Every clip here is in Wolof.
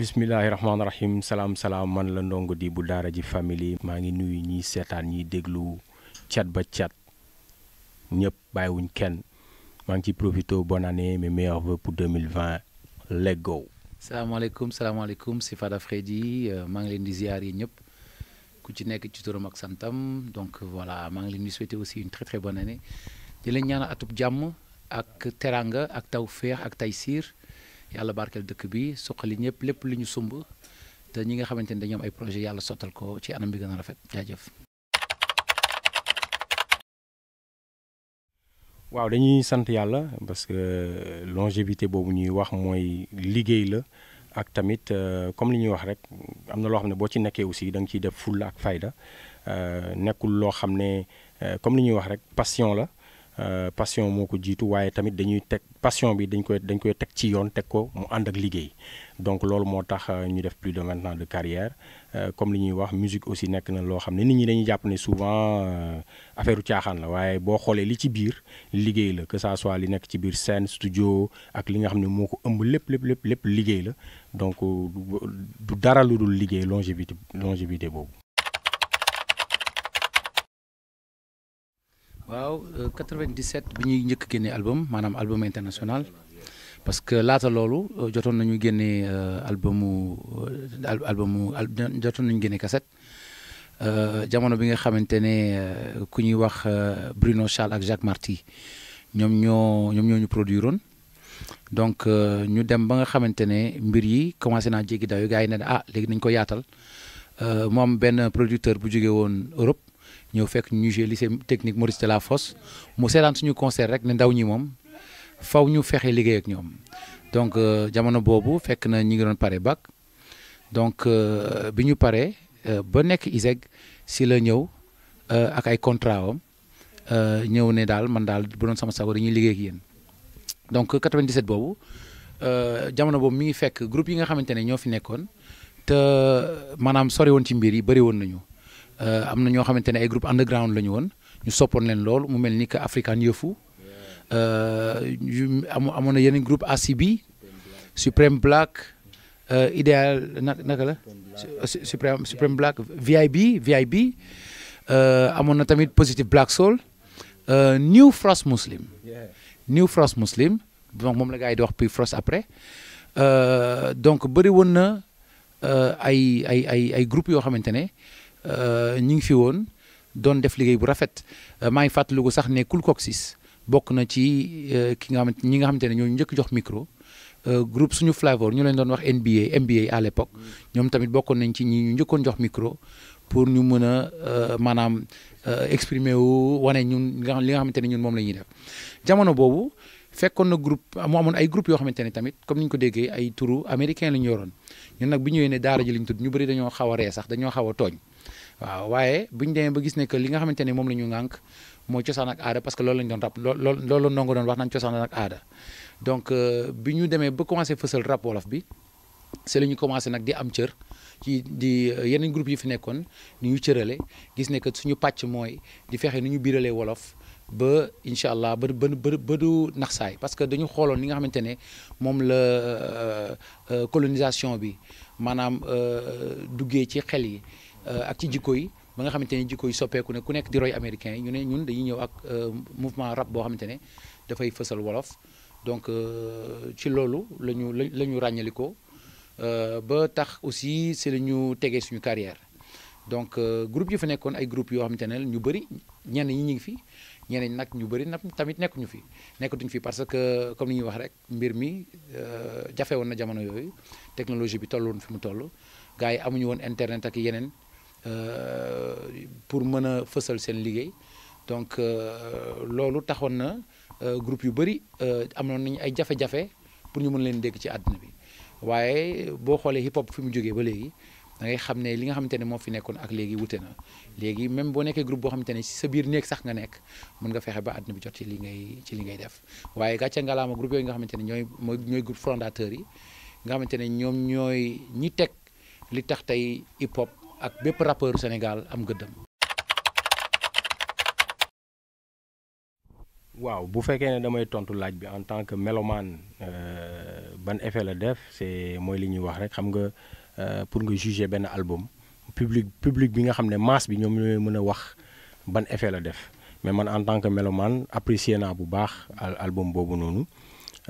bismillahi rahmaani rahim salaam salaam man la ndongo di bu daara ji famille maa ngi nuyu ñiy seetaan ñiy déglu cat ba cat ñëpp bàyyiwuñ kenn maa ngi ciy profité bonne année mes meilleurs vœux pour 2020 let go. salaamaaleykum salaamaaleykum si Fada Freddy euh, maa ngi leen di ziar yi ñëpp ku ci nekk ci turam ak santam donc voilà maa ngi leen di souhaiter aussi une très très bonne année di leen ñaanal atub jàmm ak teranga ak tawféex ak taysiir yàlla barkeel dëkk bi suqali ñëpp lépp lu ñu sumb te ñi nga xamante ni dañoo ay projet yàlla sottal ko ci anam bi gën a waaw dañuy sant yàlla parce que euh, longévité boobu ñuy wax mooy liggéey la ak tamit euh, comme li ñuy wax rek am na loo xam ne boo ci nekkee aussi da nga ciy def fulla ak fayda euh, nekkul loo xam ne comme li ñuy wax rek passion la. Euh, passion moo ko jiitu waaye tamit dañuy teg passion bi dañ koy dañ koy teg ci yoon teg ko mu ànd ak liggéey donc loolu moo tax euh, ñu def plus de vingt ans de carrière euh, comme li ñuy wax musique aussi nekk na loo xam ne nit ñi dañuy jàpp ne souvent affaire caaxaan la waaye boo xoolee li ci biir liggéey la que ça soit li nekk ci biir scène studio ak li nga xam ne moo ko ëmb lépp lépp lépp lépp liggéey la donc du dara lu dul liggéey longévité longévité boobu. waaw 97 euh, bi ñuy njëkk génne album maanaam album international parce que laata loolu euh, jotoon nañu génne euh, albumu albumu jotoon nañu génne cassette jamono bi nga xamante ne ku ñuy wax Bruno Charles ak Jacques Marty ñoom ñoo ñoom ñoo ñu produire woon donc ñu dem ba nga xamante ne mbir yi commencé naa jéggi dayo gars yi ne ah léegi nañ ko yaatal mu am benn producteur bu jóge woon Europe ñëw fekk ñu joué lycée technique la Delafosse mu seetaan suñu concert rek ne ndaw ñi moom faw ñu fexe liggéey ak ñoom donc euh, jamono boobu fekk na ñu ngi doon pare bac donc euh, bi ñu paree euh, ba nekk ISEG si la ñëw ak ay contrat am ñëw ne daal man daal bu doon sama sago dañuy liggéey ak yéen donc 97 boobu jamono boobu mi ngi fekk groupe yi nga xamante ne ñoo fi nekkoon te maanaam sori woon ci mbir yi bëri woon nañu Euh, am na ñoo xamante ne ay groupe underground la ñu woon ñu soppoon leen loolu mu mel ni que African Yëfu euh, yu amoon na yeneen groupe ACB Supreme Black euh, idéal naka naka la Supreme Supreme Black VIB VIB amoon na tamit Positive Black Soul New Frost Muslim New Frost Muslim donc moom la gars yi di wax puis Frost après donc bëri woon na ay ay ay ay groupes yoo xamante ne Euh, ñu ngi fi woon doon def liggéey bu rafet euh, maa ngi fàttaliku sax ne Coolcoxis bokk na ci euh, ki nga xamante ñi nga xamante ne ñoo njëkk jox micro groupe suñu Flavor ñu leen doon wax NBA NBA à l'époque mm. ñoom tamit bokkoon nañ ci ñi ñu njëkkoon jox micro pour ñu mën a maanaam exprimer wu wane ñun li nga xamante ne ñun moom la ñuy def jamono boobu fekkoon na groupe mu amoon ay groupe yoo xamante ne tamit comme ni ñu ko déggee ay turu américain la ñu yoroon ñun nag bi ñëwee ne daara ñu tudd ñu bëri dañoo xaw a ree xaw a tooñ waaw waaye bu ñu demee ba gis ne que li nga xamante ne moom la ñu ŋànk mooy cosaan ak aada parce que loolu la ñu doon rap loolu loolu ndongo doon wax naan cosaan ak aada donc euh, bi ñu demee ba commencé fësal rap wolof bi c'est la ñu commencé nag di am cër ci di euh, yeneen groupe yi fi nekkoon ni ñu cërale gis ne que suñu pàcc mooy di fexe ni ñu biiralee wolof ba incha allah ba ba ba du naxsaay parce que dañu xooloon li nga xamante ne moom la euh, colonisation bi maanaam duggee ci xel yi Euh, ak ci jikko yi ba nga xamante ne jikko yi soppeeku ne ku nekk di roy américain yi ñu ne ñun dañu ñëw ak euh, mouvement rab boo xamante ne dafay fësal wolof donc euh, ci loolu la ñu la ñu ràññalikoo ba tax aussi c'est la ñu tegee suñu carrière donc groupe yi fa nekkoon ay groupe yoo xamante ne ñu bëri ñenn ñi ñu ngi fi ñeneen nag ñu bëri nag tamit nekkuñu fi nekkatuñ fi parce que comme ni ñuy wax rek mbir mi jafe woon na jamono yooyu technologie bi tolloon fi mu toll gars yi amuñu woon internet ak yeneen Euh, pour mën a fësal seen liggéey donc euh, loolu taxoon na euh, groupe yu bëri amoon nañu ay jafe-jafe pour ñu mën leen dégg ci àdduna bi waaye boo xoolee hip hop fi mu jógee ba léegi da ngay xam ne li nga xamante ne moo fi nekkoon ak léegi wute na léegi même boo nekkee groupe boo xamante ne si sa biir néeg sax nga nekk mën nga fexe ba àdduna bi jot ci li ngay ci li ngay def waaye gàcce ngalaama groupe yooyu nga xamante ne ñooy mooy ñooy groupe fondateurs yi nga xamante ne ñoom ñooy ñi teg li tax tey hip ak bépp rappeur Sénégal am gëddam waaw bu fekkee ne damay tontu laaj bi en tant que mélomane euh, ban effet la def c'est mooy li ñuy wax rek xam nga euh, pour nga juger benn album public public bi nga xam ne masse bi ñoom ñooy mën a wax ban effet la def mais man en tant que melomaan apprécier naa bu baax album boobu noonu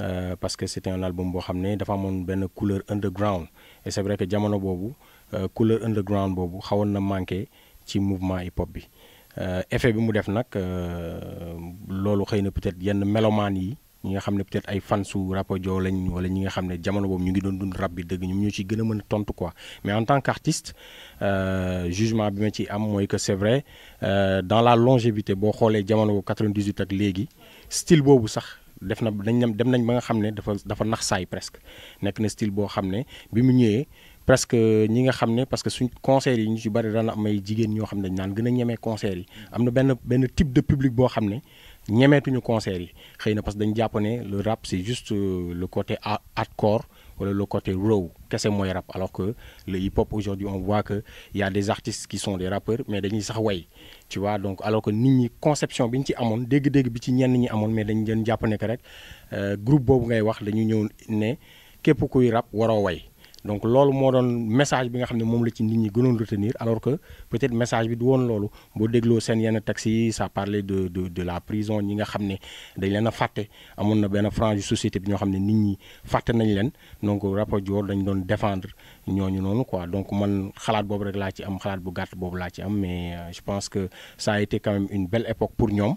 euh, parce que c'était un album boo xam ne dafa amoon benn couleur underground et c'est vrai que jamono boobu Euh, couleur underground boobu xawoon na manqué ci mouvement hip hop bi euh, effet bi mu def nag euh, loolu xëy na peut-être yenn melomaan yi ñi nga xam ne peut-être ay fan su rapport joo lañ wala ñi nga xam ne jamono boobu ñu ngi doon dund rap bi dëgg mu ñoo ci gën a mën a tontu quoi mais en tant qu'artiste jugement bi ma ci am mooy que c'est vrai dans la longévité boo xoolee jamono boobu 98 ak léegi style boobu sax def na dañ dem nañ ba nga xam ne dafa dafa nax saay presque nekk na style boo xam ne bi mu ñëwee. presque ñi nga xam ne parce que suñ concert yi ñu ci bari daan am ay jigéen ñoo xam ne dañ naan gën a ñemee concert yi am na benn benn type de public boo xam ne ñemeetuñu concert yi xëy na parce que dañu jàpp ne le rap c'est juste euh, le côté hardcore wala le côté raw kese mooy rap alors que le hip hop aujourd'hui on des artistes qui sont des rappeurs mais dañuy sax way tu vois donc alors que nit ñi conception bi ñu ci amoon dégg-dégg bi ci ñenn ñi amoon mais dañ leen jàpp ne rek euh, groupe boobu ngay wax dañu ñëw ne képp kuy rap waroo way donc loolu moo doon message bi nga xam ne moom la ci nit ñi gënoon retenir alors que peut-être message bi du woon loolu boo dégloo seen yenn taxi yi ça parlait de de de la prison ñi nga xam ne dañ leen a fàtte amoon na benn frange société bi ñoo xam ne nit ñi fàtte nañ leen donc rapport Dior dañ doon défendre ñooñu noonu quoi donc man xalaat boobu rek laa ci am xalaat bu gàtt boobu laa ci am mais euh, je pense que ça a quand une belle époque pour ñoo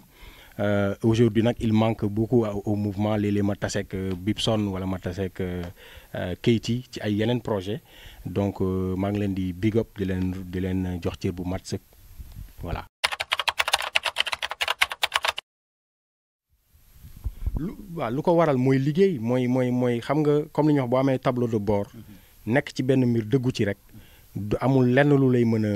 Euh, aujourd'hui nag il manque beaucoup au mouvement léeg lee ma taseek euh, Bibson wala ma taseek euh, euh, Keyti ci ay yeneen projet donc maa ngi leen di big up di leen di leen jox cër bu mat sëkk lu waaw lu ko waral mooy liggéey mooy mooy mooy xam nga comme li ñuy boo amee tableau de bord mm-hmm. nekk ci benn mbir dëggu ci rek du amul lenn lu lay mën a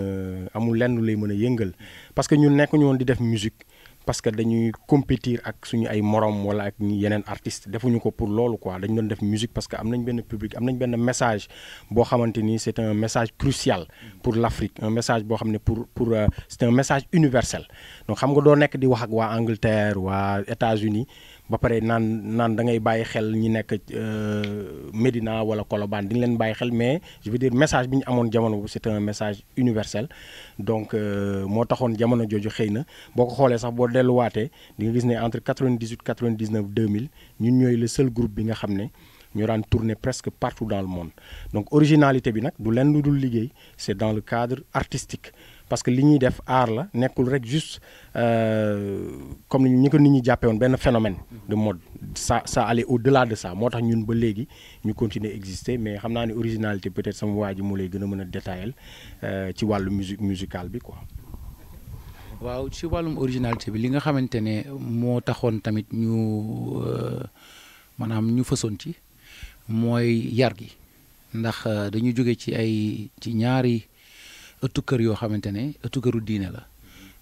amul lenn lu lay mën a yëngal mm-hmm. parce que ñun nekk ñu woon di def musique parce que dañuy compétir ak suñu ay morom wala ak yeneen artistes defuñu ko pour loolu quoi dañu doon def musique parce que am nañ benn public am nañ benn message boo xamante ni c'est un message crucial pour l'Afrique un message boo xam ne pour pour euh, c'est un message universel donc xam nga doo nekk di wax ak waa Angleterre waa États-Unis ba pare naan naan da ngay bàyyi xel ñi nekk euh, Médina wala Colobane di nga leen bàyyi xel mais je veux dire message bi ñu amoon jamono boobu c'est un message universel donc euh, moo taxoon jamono jooju xëy na boo ko xoolee sax boo delluwaatee di nga gis ne entre 98 99 2000 ñun ñooy le seul groupe bi nga xam ne ñu daan tourner presque partout dans le monde donc originalité bi nag du leen lu dul liggéey c'est dans le cadre artistique parce que li ñuy def art la nekkul rek juste euh, comme ni ñi ko nit ñi jàppee woon benn phénomène de mode ça ça allait au-delà de ça moo tax ñun ba léegi ñu continuer exister mais xam naa ni originalité peut-être sama waa ji moo lay gën a mën a détailler euh, ci wàllu musique musicale bi quoi. waaw ci wàllum originalité bi li nga xamante ne moo taxoon tamit ñu euh, maanaam ñu fësoon ci mooy yar gi ndax dañu jóge ci ay ci ñaari. ëttu kër yoo xamante ne ëttu këru diine la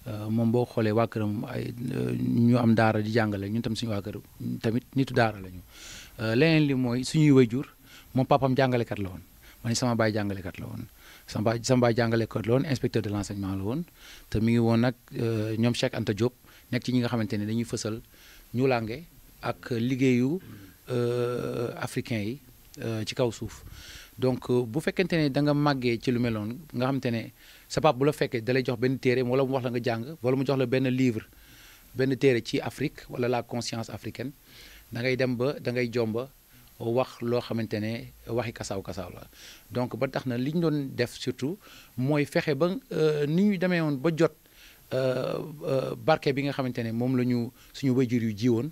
euh, moom boo xoolee waa këram ay euh, ñu am daara di jàngale ñun tamit suñu waa kër tamit nitu daara lañu euh, leneen li mooy suñuy jur moom papam jàngalekat la woon man sama baay jàngalekat la woon sama baay sama baay jàngalekat la woon inspecteur de l'enseignement la woon te mi ngi woon nag ñoom Cheikh Anta Diop nekk ci ñi nga xamante ne dañuy fësal ñu lànge ak liggéeyu africain yi ci kaw suuf donc euh, bu fekkente ne da nga màggee ci lu mel noonu nga xamante ne sa pap bu la fekkee da lay jox benn téere wala mu wax la nga jàng wala mu jox la benn livre benn téere ci Afrique wala la conscience africaine da ngay dem ba da ngay jomba wax loo xamante ne waxi kasaaw kasaw la donc ba tax na li ñu doon def surtout mooy fexe ba euh, ni ñu demee woon ba jot euh, barke bi nga xamante ne moom la ñu suñu wayjur yu jiwoon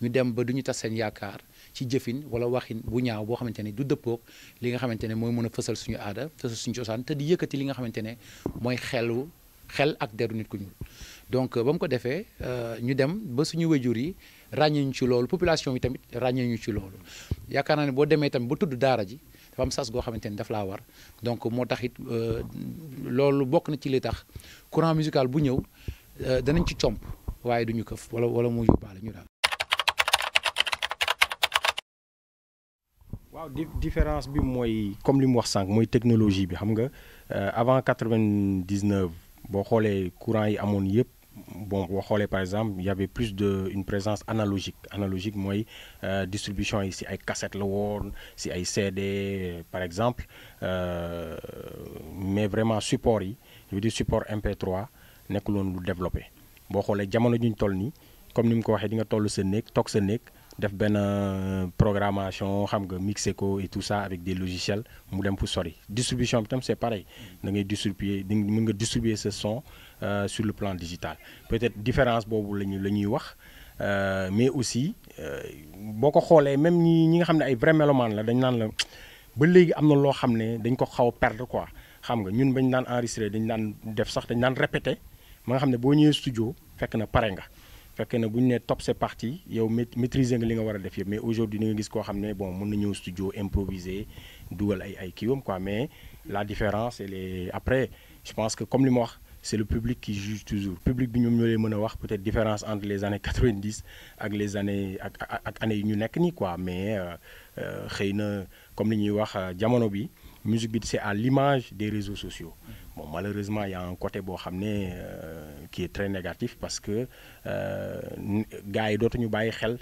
ñu dem ba du ñu tas seen yaakaar ci jëfin wala waxin bu ñaaw boo xamante ne du dëppoog li nga xamante ne mooy mën a fësal suñu aada fësal suñu cosaan te di yëkkati li nga xamante ne mooy xelu xel ak deru nit ku ñuul donc ba mu ko defee euh, ñu dem ba suñu wéjur yi ràññee ñu ci loolu population bi tamit ràññee ñu ci loolu yaakaar naa ne boo demee tamit bu tudd daara ji dafa am sas goo xamante ni daf laa war donc moo tax it euh, loolu bokk na ci li tax courant musical bu ñëw euh, danañ ci comp waaye du ñu këf wala wala mu yóbbaale ñu daal. waaw différence bi mooy comme li mu wax sànq mooy technologie bi xam nga euh, avant quatre-vingt-dix-neuf boo xoolee courant yi amoon yëpp bon boo xoolee par exemple y avait plus de une présence analogique analogique mooy euh, distribution yi si ay cassette la woon si ay CD par exemple euh, mais vraiment support yi je veux dire support MP3 nekkuloon lu développé boo xoolee jamono juñ toll nii comme ni mu ko waxee di nga toll sa néeg toog sa néeg def benn euh, programmation xam nga mixé ko et tout ça avec des logiciels mu dem fu sori distribution bi tam c'est pareil na ngay distribuer di mën nga distribuer sa son euh, sur le plan digital peut-être différence boobu la ñu la ñuy wax euh, mais aussi boo ko xoolee même ñi ñi nga xam ne ay vrai mélomane la dañ naan la ba léegi am na loo xam ne dañ ko xaw a perdre quoi xam nga ñun bañ daan enregistrer dañ daan def sax dañ daan répéter ma nga xam ne boo ñëwee studio fekk na pare nga fekk na bu ñu nee top c'est parti yow maîtriser nga li nga war a def yëpp mais aujourd'hui ni nga gis koo xam ne mun mën na ñëw studio improviser dugal ay ay kiiwam quoi mais la différence elle est après je pense que comme li ma wax c'est le public qui juge toujours public bi ñoom ñoo lay mën a wax peut-être différence entre les années 90 ak les années ak ak années yu ñu nekk nii quoi mais euh, euh, xëy na comme li ñuy wax euh, jamono bi musique bi c'est à l'image des réseaux sociaux bon malheureusement il y a côté boo xam ne euh, qui est très négatif parce que euh, gars yi dootuñu bàyyi xel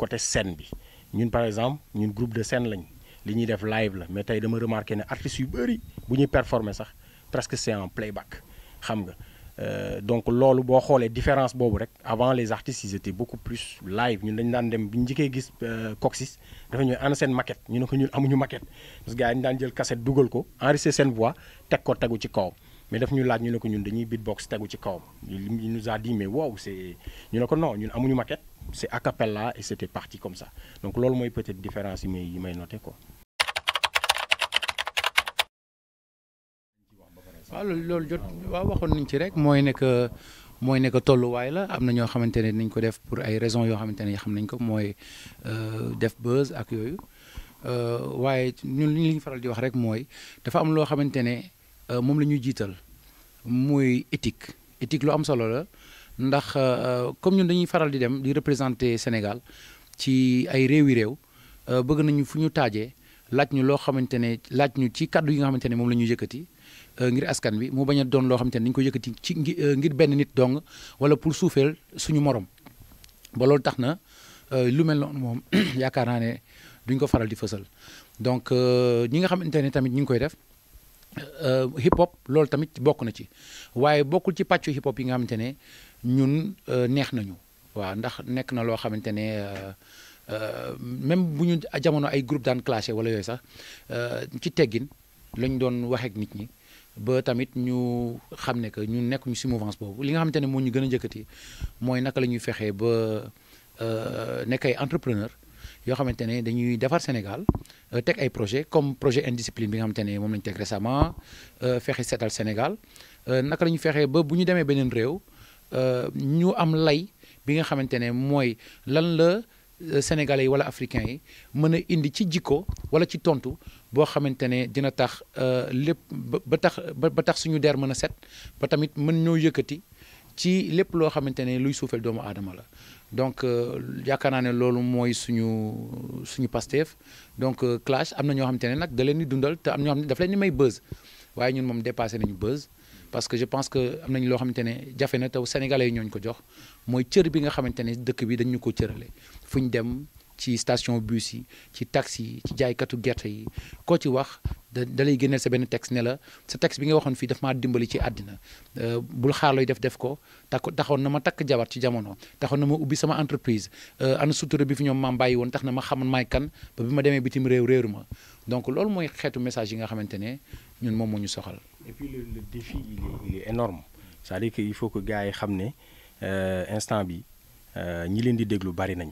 côté scène bi ñun par exemple ñun groupe de scène lañ li ñuy def live la mais tey dama remarqué ne artistes yu bëri bu ñuy performer sax presque c'est en playback xam nga Euh, donc loolu boo xoolee différence boobu rek avant les artistes ils étaient beaucoup plus live ñun dañu daan dem bi njëkkee gis euh, Coccis dafa ñuy ànd seen maquette ñu ne ko ñun amuñu maquette parce que gars yi ñu daan jël cassette dugal ko enregistré seen voix teg ko tegu ci kawam mais daf ñu laaj ñu ne ko ñun dañuy beatbox tegu ci kawam ñu nous a dit mais wow c'est ñu ne ko non ñun amuñu maquette c'est a cappella et c'était parti comme ça donc loolu mooy peut-être différence yi may yi may waaw loolu loolu jot waaw waxoon nañ ci rek mooy ne mooy ne que tolluwaay la am na ñoo xamante ne nañ ko def pour ay raisons yoo xamante ne xam nañ ko mooy euh, def buzz ak yooyu euh, waaye ñun li ñu faral di wax rek mooy dafa am loo xamante ne euh, moom la ñuy jiital muy éthique éthique lu am solo la ndax comme ñun dañuy faral di dem di représenter Sénégal ci ay réewi réew bëgg nañu fu ñu taajee laaj ñu loo xamante ne laaj ñu ci kaddu yi nga xamante ne moom la ñuy yëkkati Euh, ngir askan wi mu bañ a doon loo xamante ne dañu ko yëkkati ci euh, ngir benn nit dong wala pour suufeel suñu morom ba loolu tax na euh, lu mel noonu moom yaakaar naa ne duñ ko faral di fësal donc ñi nga xamante ne tamit ñu ngi koy def hip hop loolu tamit bokk na ci waaye bokkul ci pàccu hip hop yi nga xamante ne ñun neex nañu waaw ndax nekk na loo xamante ne même bu ñu jamono ay groupe daan clashé wala yooyu sax ci teggin lañ doon waxeek nit ñi ba tamit ñu xam ne que ñu nekk ñu si mouvance boobu li nga xamante ne moom ñu gën a njëkkati mooy naka la ñuy fexee ba euh, nekk ay entrepreneur yoo xamante ne dañuy defar Sénégal euh, teg ay projet comme projet indiscipline bi nga xamante ne moom la ñu teg récemment euh, fexe seetal Sénégal naka la ñuy fexee ba bu ñu demee beneen réew ñu am lay bi nga xamante ne mooy lan la sénégal yi wala africains yi mën a indi ci jikko wala ci tontu boo xamante ne dina tax euh, lépp ba tax ba tax suñu der mën a set ba tamit mën ñoo yëkkati ci lépp loo xamante ne luy suufeel doomu aadama la donc euh, yaakaar naa ne loolu mooy suñu suñu Pastef donc euh, clash am na ñoo xamante ne nag da leen di dundal te am na ñoo xam ne daf leen di may buzz waaye ñun moom dépassé nañu buzz parce que je pense que am nañu loo xamante ne jafe na taw sénégalais yi ñooñu ko jox mooy cër bi nga xamante ne dëkk bi dañu ko cërale fu ñu dem ci station bus yi ci taxi yi ci jaaykatu gerte yi koo ci wax da da lay génneel sa benn texte ne la sa texte bi nga waxoon fii daf maa dimbali ci àddina euh, bul xaar looy def def ko takk taxoon na ma takk jabar ci jamono taxoon na ma ubbi sama entreprise euh, ana sutura bi fi ñoom maam bàyyi woon tax na ma xaman maay kan ba bi ma demee bitim réew réeru ma donc loolu mooy xeetu message yi nga xamante ne ñun moom moo ñu soxal. et puis le, le défi il gars yi xam ne euh, instant bi ñi leen di déglu bari nañ.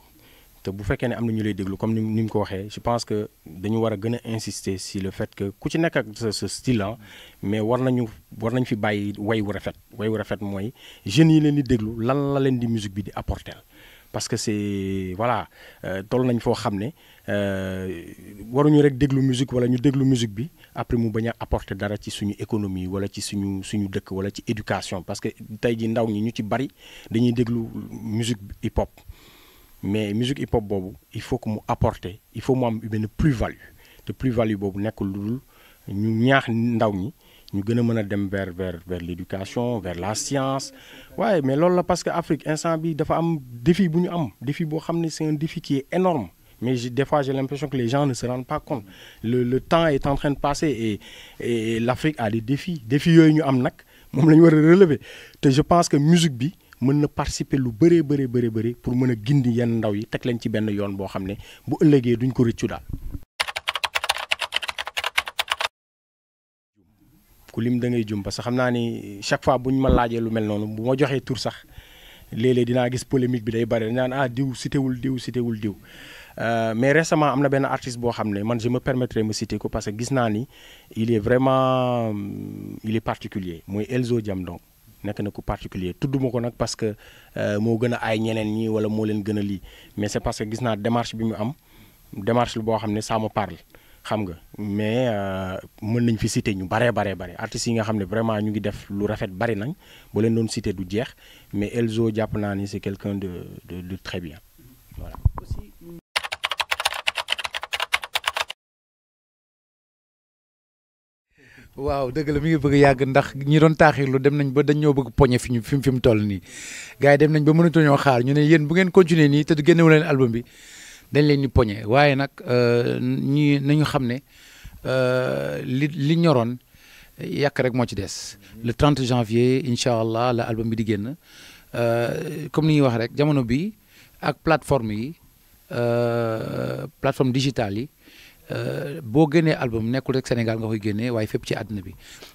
te bu fekkee ne am na ñu lay déglu comme ni ni mu ko waxee je pense que dañu war a gën a insister si le fait que ku ci nekk ak sa sa style ah, mais war nañu war nañ fi bàyyi way wu rafet way wu rafet mooy jeunes yi leen di déglu lan la leen di musique bi di apporter parce que c'est voilà euh, toll nañ foo xam ne euh, waruñu rek déglu musique wala ñu déglu musique bi après mu bañ a apporter dara ci suñu économie wala ci suñu suñu dëkk wala ci éducation parce que tey ji ndaw ñi ñu ci bari dañuy déglu musique hip hop. mais musique hip hop boobu il faut que mu apporter il faut mu am benn plus value te plus value boobu nekkul lu dul ñu ñaax ndaw ñi ñu gën a mën a dem vers vers vers l'éducation vers la science waaye mais loolu la parce que Afrique instant bi dafa am défi bu ñu am défi boo xam ne c'est un défi qui est énorme mais des fois j'ai l'impression que les gens ne se rendent pas compte le le temps est en train de passer et l'Afrique a des défis défis yooyu ñu am nag moom lañu war a relever te je pense que musique bi mën na participer lu bëree bëri bëri bëri pour mën a gindi yenn ndaw yi teg leen ci benn yoon boo xam ne bu ëllëgee duñ ko rëccu daal. ku lim da ngay jum parce que xam naa ni chaque fois buñ ma laajee lu mel noonu bu ma joxee tour sax léeg-léeg dinaa gis polémique bi day bëri dañ naan ah diw citéwul diw citéwul diw. Euh, mais récemment am na benn artiste boo xam ne man je me permettrai me citer ko parce que gis naa ni il est vraiment il est particulier mooy Elzo Jamdong nekk na ku particulier tudduma ko nag parce que euh, moo gën a ay ñeneen ñi wala moo leen gën a lii mais c'est parce que gis naa démarche bi mu am démarche la boo xam ne ça me parle xam nga mais euh, mën nañ fi citer ñu baree baree bare artistes yi nga xam ne vraiment ñu ngi def lu rafet bari nañ boo leen doon citer du jeex mais Elzo jàpp naa ni c'est quelqu'un de de de très bien waaw dëgg la mi ngi bëgg yàgg ndax ñi doon taaxirlu dem nañ ba dañ ñoo bëgg poñe fi ñu fi mu toll nii gars yi dem nañ ba mënatuñoo xaar ñu ne yéen bu ngeen continuer nii te génnewu leen album bi dañ leen di poñe waaye nag euh, ñi nañu xam ne euh, li li ñoroon yàq rek moo ci des. Mm-hmm. le 30 janvier incha allah la album bi di génn euh, comme ni ñuy wax rek jamono bi ak plateforme yi plateforme digitale yi. Euh, boo génnee album nekkul rek Sénégal nga koy génnee waaye fépp ci àdduna bi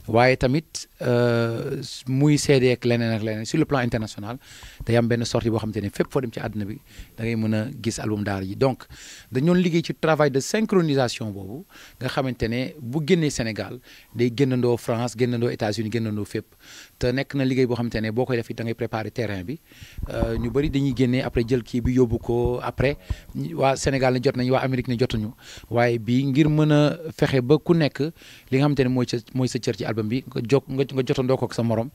waaye tamit euh, muy CD ak leneen ak leneen sur le plan international day am benn sortie boo xamante ne fépp foo dem ci àdduna bi da mën a gis album donc dañoon liggéey ci travail de synchronisation boobu nga xamante ne bu génnee Sénégal day génnandoo France génnandoo États-Unis génnandoo fépp te nekk na liggéey boo xamante ne boo koy def it da ngay préparer terrain bi euh, ñu bëri dañuy génnee après jël kii bi yóbbu ko après waa Sénégal ne jot nañu waa Amérique ne jotuñu waaye jotaay bi ngir mën a fexe ba ku nekk li nga xam te ne mooy sa mooy sa cër ci album bi nga jok nga jotandoo ko ak sa morom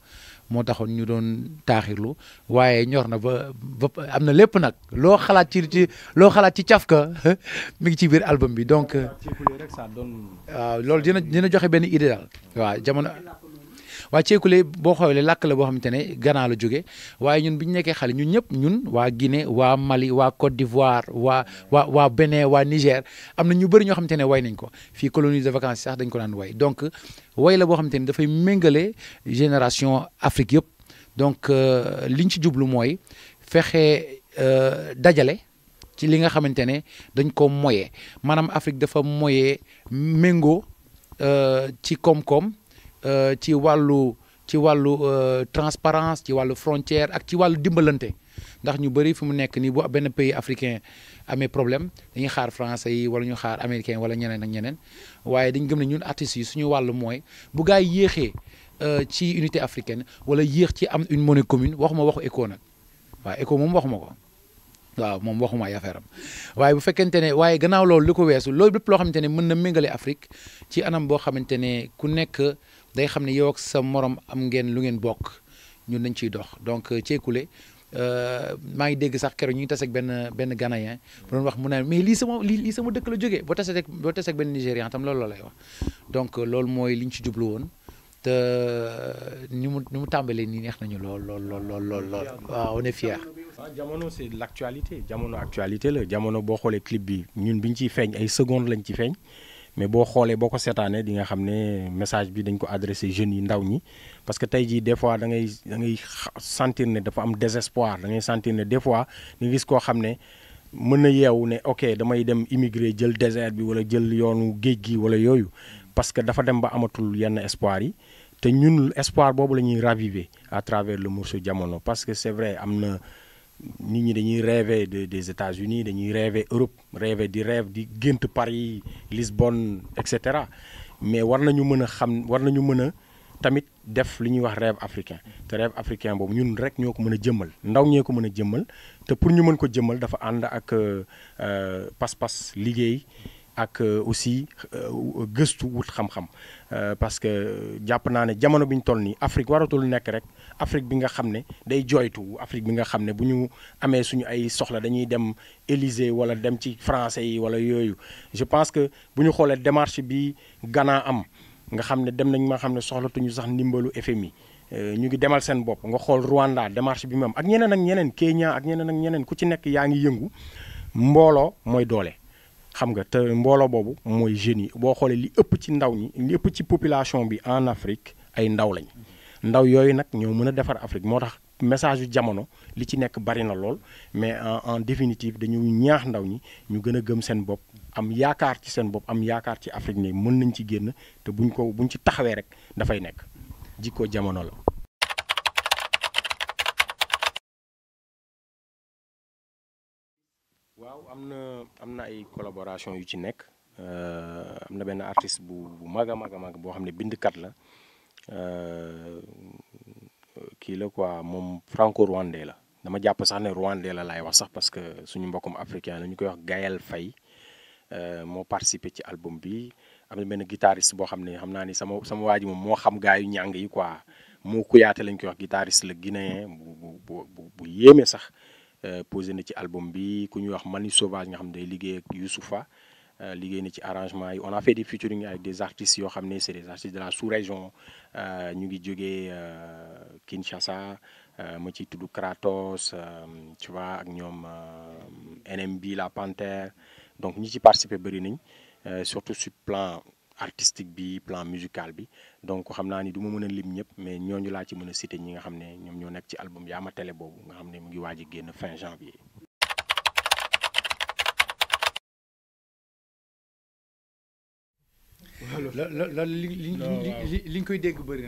moo taxoon ñu doon taaxirlu waaye ñor na ba ba am na lépp nag loo xalaat ci ci loo xalaat ci caf ka mi ngi ci biir album bi donc waaw loolu dina dina joxe benn idée daal jamono waaye ceekule boo xoolee làkk la boo xamante ne ganaar la jóge waaye ñun bi ñu nekkee xale ñun ñëpp ñun waa Guinée waa Mali waa Côte d'Ivoire waa waa waa Bénin waa Niger am na ñu bëri ñoo xamante ne way nañ ko fii colonie de vacances sax dañ ko daan way donc way la boo xamante ne dafay méngale génération Afrique yëpp donc euh, liñ ci jublu mooy fexe euh, dajale ci li nga xamante ne dañ ko moyee maanaam Afrique dafa moyee méngoo euh, ci koom-koom Euh, ci wàllu ci wàllu euh, transparence ci wàllu frontière ak ci wàllu dimbalante ndax ñu bëri fi mu nekk nii bu benn pays africain amee problème dañuy xaar français yi wala ñu xaar américain wala ñeneen ak ñeneen waaye dañ gëm ne ñun artistes yi suñu wàllu mooy bu gaa yi yéexee euh, ci unité africaine wala yéex ci am une monnaie commune waxuma waxu ECO nag waaw ECO moom waxuma ko waaw moom waxuma ay affaire waaye bu fekkente ne waaye gannaaw loolu li ko weesu loolu lépp loo xamante ne mën na méngale Afrique ci anam boo xamante ne ku nekk day xam ne yow ak sa morom am ngeen lu ngeen bokk ñun nañ ciy dox donc euh, ceekule euh, maa ngi dégg sax keroog ñu ngi tase benn benn Ghanéen bu wax mu ne mais lii sama lii sama dëkk la jógee boo tase ak boo tase benn Nigérian tam loolu la lay wax donc euh, loolu mooy li ñu ci jublu woon te ni mu ni mu tàmbalee nii neex nañu lool lool lool lool lool lool waaw on est ah, jamono c'est l'actualité jamono actualité la jamono boo xoolee clip bi ñun bi ñu ciy feeñ ay secondes lañ ci feeñ mais boo xoolee boo ko seetaanee di nga xam ne message bi dañ ko adressé jeunes yi ndaw ñi parce que tey jii des fois dangay da ngay sentir ne dafa am désespoir da ngay sentir ne des fois nga gis koo xam ne. mën na yeewu ne ok damay dem immigré jël désert bi wala jël yoonu géej gi wala yooyu parce que dafa dem ba amatul yenn espoir yi te ñun espoir boobu la ñuy raviver à travers le morceau jamono parce que c'est vrai am na nit ñi dañuy rêver de des États-Unis dañuy rêver Europe rêver di rêve di gént Paris Lisbonne et cetera mais war nañu mën a xam war nañu mën a tamit def li ñuy wax rêve africain te rêve africain boobu ñun rek ñoo ko mën a jëmmal ndaw ñee ko mën a jëmmal te pour ñu mën ko jëmmal dafa ànd ak euh, euh, pas-pas liggéey ak euh, aussi euh, gëstu wut xam-xam euh, parce que jàpp naa ne jamono bi ñu toll nii Afrique waratul nekk rek Afrique bi nga xam ne day jooytu Afrique bi nga xam ne bu ñu amee suñu ay soxla dañuy dem Élysée wala dem ci français yi wala yooyu je pense que bu ñu xoolee démarche bi Ghana am nga xam ne dem nañ ma xam ne soxlatuñu sax ndimbalu FMI ñu ngi demal seen bopp nga xool Rwanda démarche bi moom ak ñeneen ak ñeneen Kenya ak ñeneen ak ñeneen ku ci nekk yaa ngi yëngu mbooloo mooy doole. xam nga te mbooloo boobu mooy jeunes yi boo xoolee li ëpp ci ndaw ñi li ëpp ci population bi en Afrique ay ndaw lañ ndaw yooyu nag ñoo mën a defar Afrique moo tax message yu jamono li ci nekk bari na lool mais en en définitive dañu ñaax ndaw ñi ñu gën a gëm seen bopp am yaakaar ci seen bopp am yaakaar ci Afrique ne mën nañ ci génn te buñ ko buñ ci taxawee rek dafay nekk jikko jamono la. am na am na ay collaboration yu ci nekk euh, am na benn artiste bu bu mag a mag a mag boo xam ne bindkat la euh, kii la quoi moom franco-rwandais la dama jàpp sax ne rwandais la laay wax sax parce que suñu mbokkum africain la ñu koy wax Gaël Faye euh, moo participé ci album bi am na benn guitariste boo xam ne xam naa ni sama sama waa moom moo xam gaayu ñàng yi quoi moo kuyaate lañ koy wax guitariste la guinéen bu bu bu bu yéeme sax Euh, posé na ci album bi ku ñuy wax Mani Sauvage nga xam ne day liggéey ak Youssoufa euh, liggéey na ci arrangement yi on a fait des featuring avec des artistes yoo xam ne c'est des artistes de la sous-région euh, ñu ngi jógee Kinshasa ma ciy tudd Kratos tu vois ak ñoom NMB La Panthère donc ñi ci participé bëri nañ surtout sur plan artistique bi plan musical bi donc xam naa ni du ma mën a lim ñëpp mais ñooñu laa ci mën a citer ñi nga xam ne ñoom ñoo nekk ci album Yaama Télé boobu nga xam ne mu ngi a génn fin janvier. loolu li li koy dégg bëri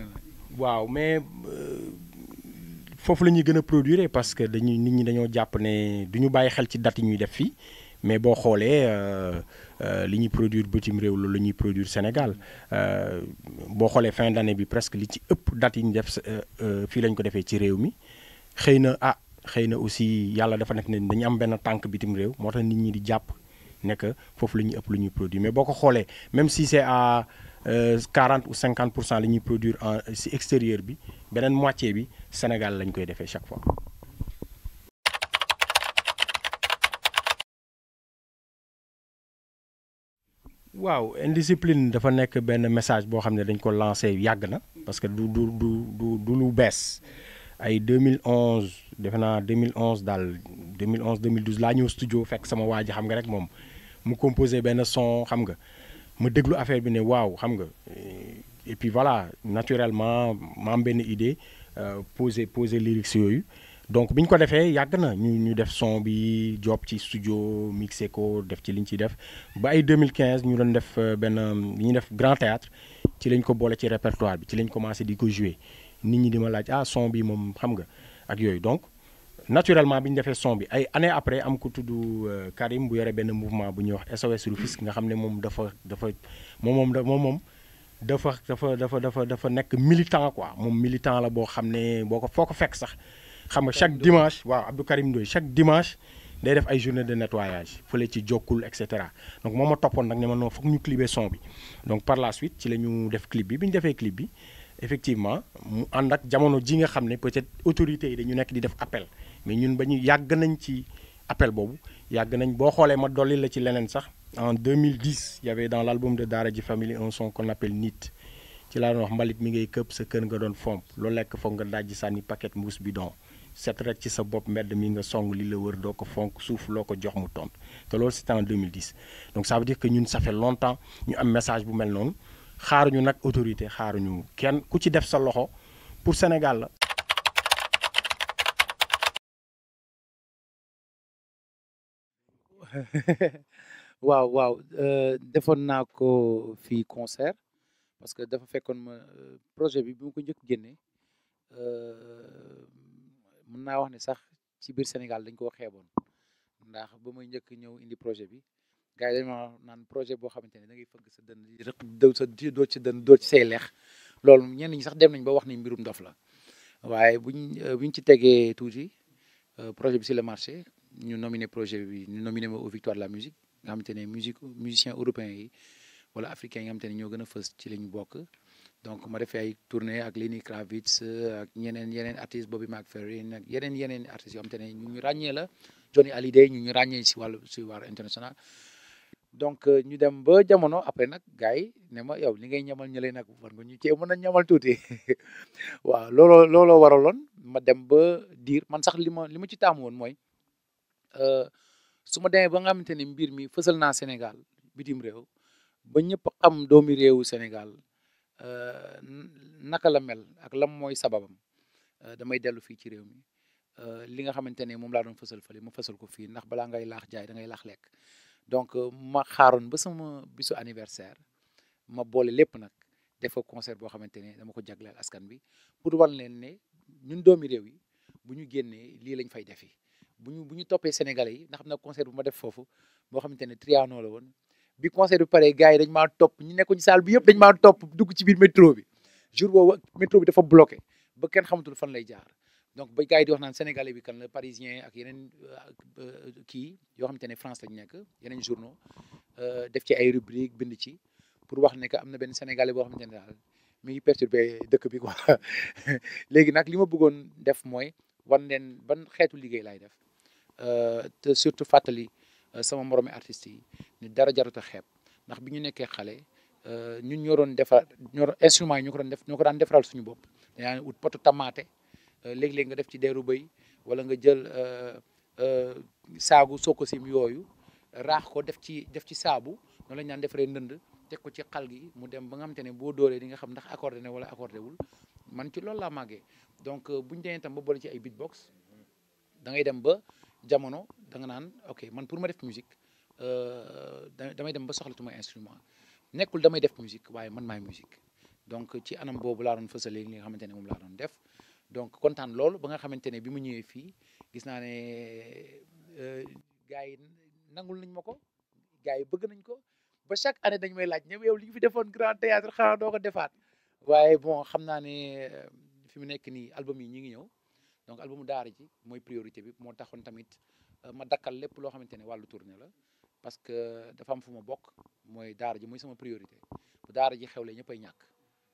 waaw mais euh, foofu la ñuy gën a produire parce que dañuy nit ñi dañoo jàpp ne du ñu bàyyi xel ci date yi ñuy def fii. mais boo xoolee euh, euh, li ñuy produire bitim réew loolu la ñuy produire Sénégal euh, boo xoolee fin d' bi presque li ci ëpp date yi ñu def fii lañ ko defee ci réew mi xëy na ah xëy na aussi yàlla dafa nekk ne dañu am benn tànk bitim réew moo tax nit ñi di jàpp ne que foofu la ñuy ëpp lu ñuy produire mais boo ko xoolee même si c' est à 40 ou cinquante pour cent la ñuy produire en si extérieur bi beneen moitié bi Sénégal lañ koy defee chaque fois. waaw indiscipline dafa nekk benn message boo xam ne dañ ko lancé yàgg na parce que du du du du lu bees ay 2011 defe naa 2011 daal mille 2011 2012 laa ñëw studio fekk sama waa ji xam nga rek moom mu composé benn son xam nga ma déglu affaire bi ne waaw xam nga et puis voilà naturellement ma benn idée euh, poser poser lyrics yooyu. donc bi ñu ko defee yàgg na ñu ñu def son bi job ci studio mixé ko def ci li ñu ciy def ba ay 2015 ñu doon def euh, benn li euh, ñuy def grand théâtre ci lañ ko boole ci répertoire bi ci lañ commencé di ko jouer nit ñi di ma laaj ah son bi moom xam nga ak yooyu donc naturellement bi ñu defee son bi ay année après am ko tudd euh, Karim bu yore benn mouvement bu ñuy wax SOS Rufisque nga xam ne moom dafa dafa moom moom da moom moom dafa dafa dafa dafa dafa nekk militant quoi moom militant la boo xam ne boo ko foo ko fekk sax xam nga chaque dimanche waaw Abdou Karim Ndoye chaque dimanche day def ay journée de nettoyage fële ci jokkul et cetera donc moo ma toppoon nag ne ma noonu foog ñu clipé son bi donc par la suite ci la ñu def clip bi bi ñu defee clip bi effectivement mu ànd ak jamono ji nga xam ne peut-être autorités yi dañu nekk di def appel mais ñun ba ñu yàgg nañ ci appel boobu yàgg nañ boo xoolee ma dolli la ci leneen sax en 2010 y avait dans l'album de Daara J Family un son qu'on appelle nit ci laa doon mi ngay këpp sa kër nga doon fomp loo lekk foog nga dajji sànni paquet mbuus bidon set rek ci sa bopp mbedd mi nga song li la wër doo ko fonk suuf loo ko jox mu ton te loolu c'était en 2010 donc ça veut dire que ñun ça fait longtemps ñu am message bu mel noonu xaaruñu nag autorité xaaruñu kenn ku ci def sa loxo pour Sénégal la. waaw waaw euh, defoon naa ko fii concert parce que dafa fekkoon ma euh, projet bi bi ma ko njëkk génne euh, mun naa wax ne sax ci biir Sénégal dañ koo xeeboon ndax ba muy njëkk ñëw indi projet bi gars dañ ma naan projet boo xamante ne da fëgg sa dënn rëq dëw sa ci doo ci dënn doo ci say leex loolu ñenn ñi sax dem nañ ba wax ni mbirum dof la waaye buñ euh, buñ ci tegee tuuti euh, projet bi sur le marché ñu nominé projet bi ñu nominé ma au victoire de la musique nga xamante ne musique musicien européen yi wala africain yi nga ne ñoo gën a fës ci la ñu bokk donc ma defee ay tournée ak Lenny Kravitz euh, ak ñeneen yeneen artistes Bobby McFerrin ak yeneen yeneen artistes yoo xam te ne ñu ñu ràññee la Johnny Hallyday ñu ñu ràññee si wàllu si wàllu international donc euh, ñu dem ba jamono après nag gars yi ne ma yow li ngay ñamal ñële nag war nga ñu cee mën a ñamal tuuti waaw looloo looloo waraloon ma dem ba diir man sax lima ma li ma ci taamu woon mooy euh, su ma demee ba nga xamante ne mbir mi fësal naa Sénégal bitim réew ba ñëpp xam doomi réewu Sénégal Euh, naka la mel ak lam mooy sababam euh, damay dellu fii ci réew mi euh, li nga xamante ne moom laa doon fësal fële ma fasal ko fii ndax balaa ngay laax jaay da ngay laax lekk donc ma xaaroon ba sama bisu anniversaire ma boole lépp nag def ko concert boo xamante ne dama ko jagleel askan bi pour wan leen ne ñun doomi réew yi bu ñu génnee lii lañ fay defi bu ñu toppee Sénégalais yi ndax xam na concert bu ma def foofu boo xamante ne Trianon la woon bi conseil bi pare gars yi dañ maa topp ñu nekkoon ci salle bi yëpp dañ maa topp dugg ci biir métro bi jour boobu métro bi dafa bloqué ba kenn xamatul fan lay jaar donc ba gars yi di wax naan sénégalais bi kan la parisien ak yeneen euh, euh, kii yoo xamante ne France lañ nekk yeneen journaux euh, def ci ay rubrique bind ci pour wax nekk am na benn sénégalais boo xamante ne daal mi ngi perturbé dëkk bi ko léegi nag li ma bëggoon def mooy wan leen ban xeetu liggéey laay def te surtout fàttali. Euh, sama moromi artistes yi ni dara jarut a xeeb ndax bi ñu nekkee xale euh, ñun ñoroon defar ñoo doon instruments yi ñu ko doon def ñoo ko daan defaral suñu bopp danaa ut potu tamaate euh, léeg-léeg nga def ci deeru bëy wala nga jël saagu sokosim yooyu raax ko def ci def ci saabu noonu lañ daan defaree ndënd teg ko ci xal gi mu dem ba nga xamante ne boo doolee di nga xam ndax accordé ne wala accordé wul man ci loolu laa màggee donc buñ ñu demee tam ba boole ci ay bitbox da dem ba jamono danga naan ok man pour ma def musique euh, damay dem ba tuma instrument nekkul damay def musique waaye man maay musique donc ci anam boobu laa doon fësal léegi li nga xamante ne moom laa doon def donc kontaan loolu ba nga xamante ne bi mu ñëwee fii gis naa ne euh, gars yi nangul nañ ma ko gars yi bëgg nañ ko ba chaque année dañ may laaj ñëw yow li nga fi defoon grand théâtre xanaa doo ko defaat waaye bon xam naa ne euh, fi mu nekk nii album yi ñi ngi ñëw donc albumu daara ji mooy priorité bi moo taxoon tamit euh, ma dakkal lépp loo xamante ne wàllu tournée la parce que dafa am fu ma bokk mooy daara ji mooy sama priorité bu daara ji xew xewle ñëppay ñàkk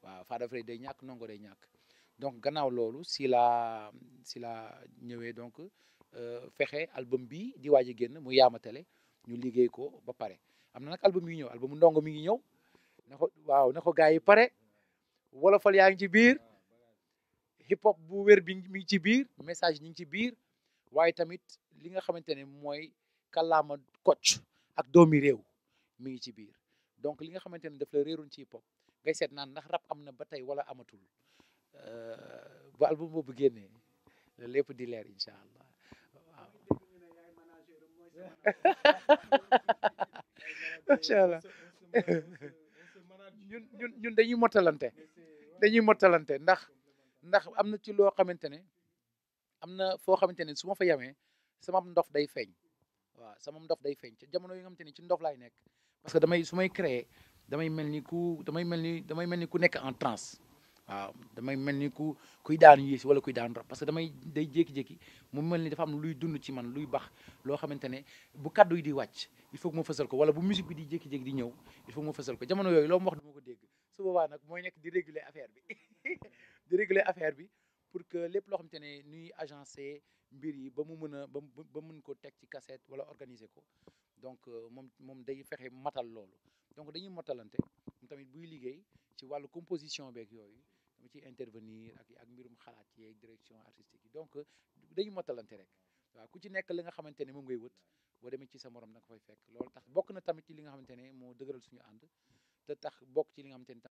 waaw Fada Freddy day ñàkk Ndongo day ñàkk donc gannaaw loolu si la si la ñëwee donc euh, fexe album bi di waaj a génn mu yaamatale ñu liggéey ko ba pare am na nag album yu ñëw albumu Ndongo mi ngi ñëw waaw na ko pare wolofal yaa ngi ci hip hop bu wér bi mi ngi ci biir message ñi ngi ci biir waaye tamit li nga xamante ne mooy kàllaama kocc ak doomi réew mi ngi ci biir donc li nga xamante ne daf la ci hip hop ngay seet naan ndax rab am na ba tey wala amatul euh, bu album boobu génnee lépp di leer incha allah ñun ñun ñun dañuy mottalante dañuy mottalante ndax ndax am na ci loo xamante ne am na foo xamante ne su ma fa yamee sama ndox day feeñ waaw sama ndox day feeñ jamono yi xamante ni ci ndof laay nekk parce que damay su may créer damay mel ni ku damay mel ni damay mel ni ku nekk en transe waaw damay mel ni ku kuy daanu yées wala kuy daanu rab parce que damay day jékki-jékki mu mel ni dafa am luy dund ci man luy bax loo xamante ne bu kàddu yi di wàcc il faut que ma fësal ko wala bu musique bi di jékki-jékki di ñëw il faut que ma fësal ko jamono yooyu loo mu wax dama ko dégg su boobaa nag mooy nekk di réguler affaire bi di régler affaire bi pour que lépp loo xamante ne nuy agencé mbir yi ba mu mën a ba ba mën ko teg ci cassette wala organiser ko donc euh, moom moom day fexe matal loolu donc dañuy matalante moom tamit buy liggéey ci wàllu composition beeg yooyu dama ciy intervenir ak ak mbirum xalaat yeeg direction artistique yi donc euh, dañuy matalante rek waa ku ci nekk li nga xamante ne moom ngay wët boo demee ci sa morom da nga fekk loolu tax bokk na tamit ci li nga xamante ne moo dëgëral suñu ànd te tax bokk ci li nga xamante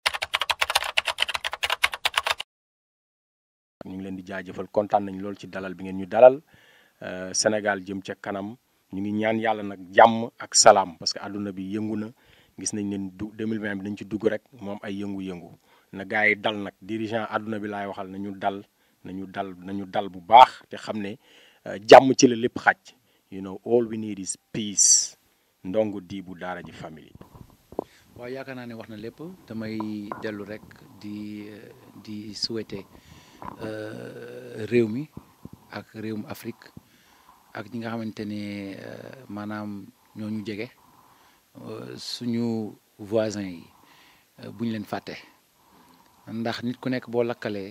ñu ngi leen di jëfal kontaan nañ lool ci dalal bi ngeen ñu dalal euh, Sénégal jëm ca kanam ñu ngi ñaan yàlla nag jàmm ak salaam parce que àdduna bi yëngu na gis nañ leen du 2020 bi dañ ci dugg rek moom ay yëngu-yëngu na gars yi dal nag dirigeant àdduna bi laay waxal nañu dal nañu dal nañu dal bu baax te xam ne euh, jàmm ci la lépp xaj you know all we need is peace ndongo di bu daara ji famille waaw yaakaar naa ne wax na lépp damay dellu rek di di souhaiter Euh, réew mi ak réewum Afrique ak ñi nga xamante ne euh, maanaam ñoo ñu jege euh, suñu voisin yi bu ñu leen fàtte ndax nit ku nekk boo lakkalee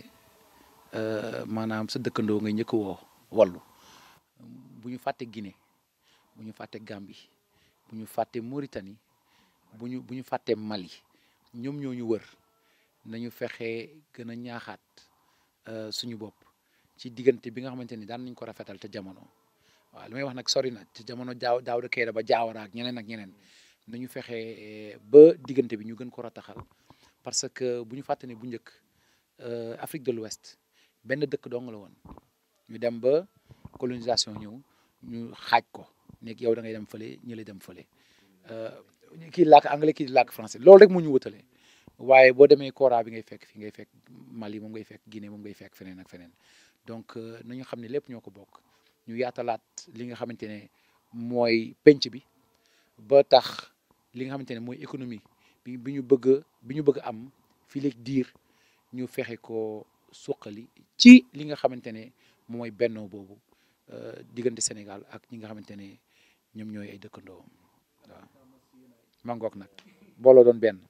maanaam sa dëkkandoo ngay njëkk woo wallu bu ñu fàtte Guinée bu ñu fàtte Gambie bu ñu fàtte Mauritanie bu ñu bu ñu fàtte Mali ñoom ñoo ñu wër nañu fexe gën a ñaaxaat Euh, suñu bopp ci diggante bi nga xamante ni daan nañ ko rafetal te jamono waa li may wax nag sori na te jamono jaaw daaw da kay da ba jaawara ak ñeneen ak ñeneen nañu fexe eh, ba diggante bi ñu gën ko rataxal parce que bu ñu fàtte bu njëkk euh, Afrique de l'Ouest benn dëkk dong la woon ñu dem ba colonisation ñëw ñu xaaj ko nekk yow da ngay dem fële ñële dem fële euh, kii làkk anglais kii làkk français loolu rek moo ñu wutale waaye boo demee Kora bi ngay fekk fi ngay fekk Mali moom ngay fekk Guinée moom ngay fekk feneen ak feneen donc euh, nañu xam ne lépp ñoo ko bokk ñu yaatalaat li nga xamante ne mooy penc bi ba tax li nga xamante ne mooy économie bi bi ñu bëgg bi ñu bëgg am fii léegi diir ñu fexe ko suqali ci li nga xamante ne mooy bennoo boobu euh, diggante Sénégal ak ñi nga xamante ne ñoom ñooy ay dëkkandoo waaw mangook nag booloo doon benn